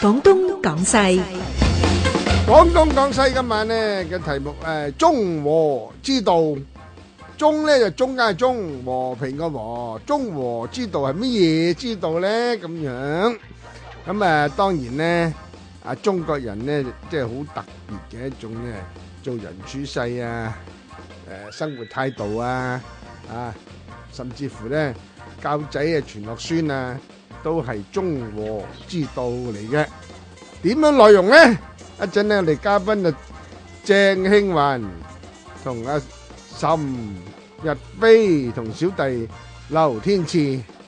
廣東廣西，廣東廣西今晚咧嘅題目誒、啊，中和之道，中咧就中間係中，和平個和，中和之道係乜嘢之道咧？咁樣，咁啊，當然咧啊，中國人咧即係好特別嘅一種咧，做人處世啊，誒、啊，生活態度啊，啊，甚至乎咧教仔啊，傳落孫啊。都係中和之道嚟嘅，點樣內容咧？一陣咧，我哋嘉賓就鄭慶雲同阿岑逸飛同小弟劉天賜。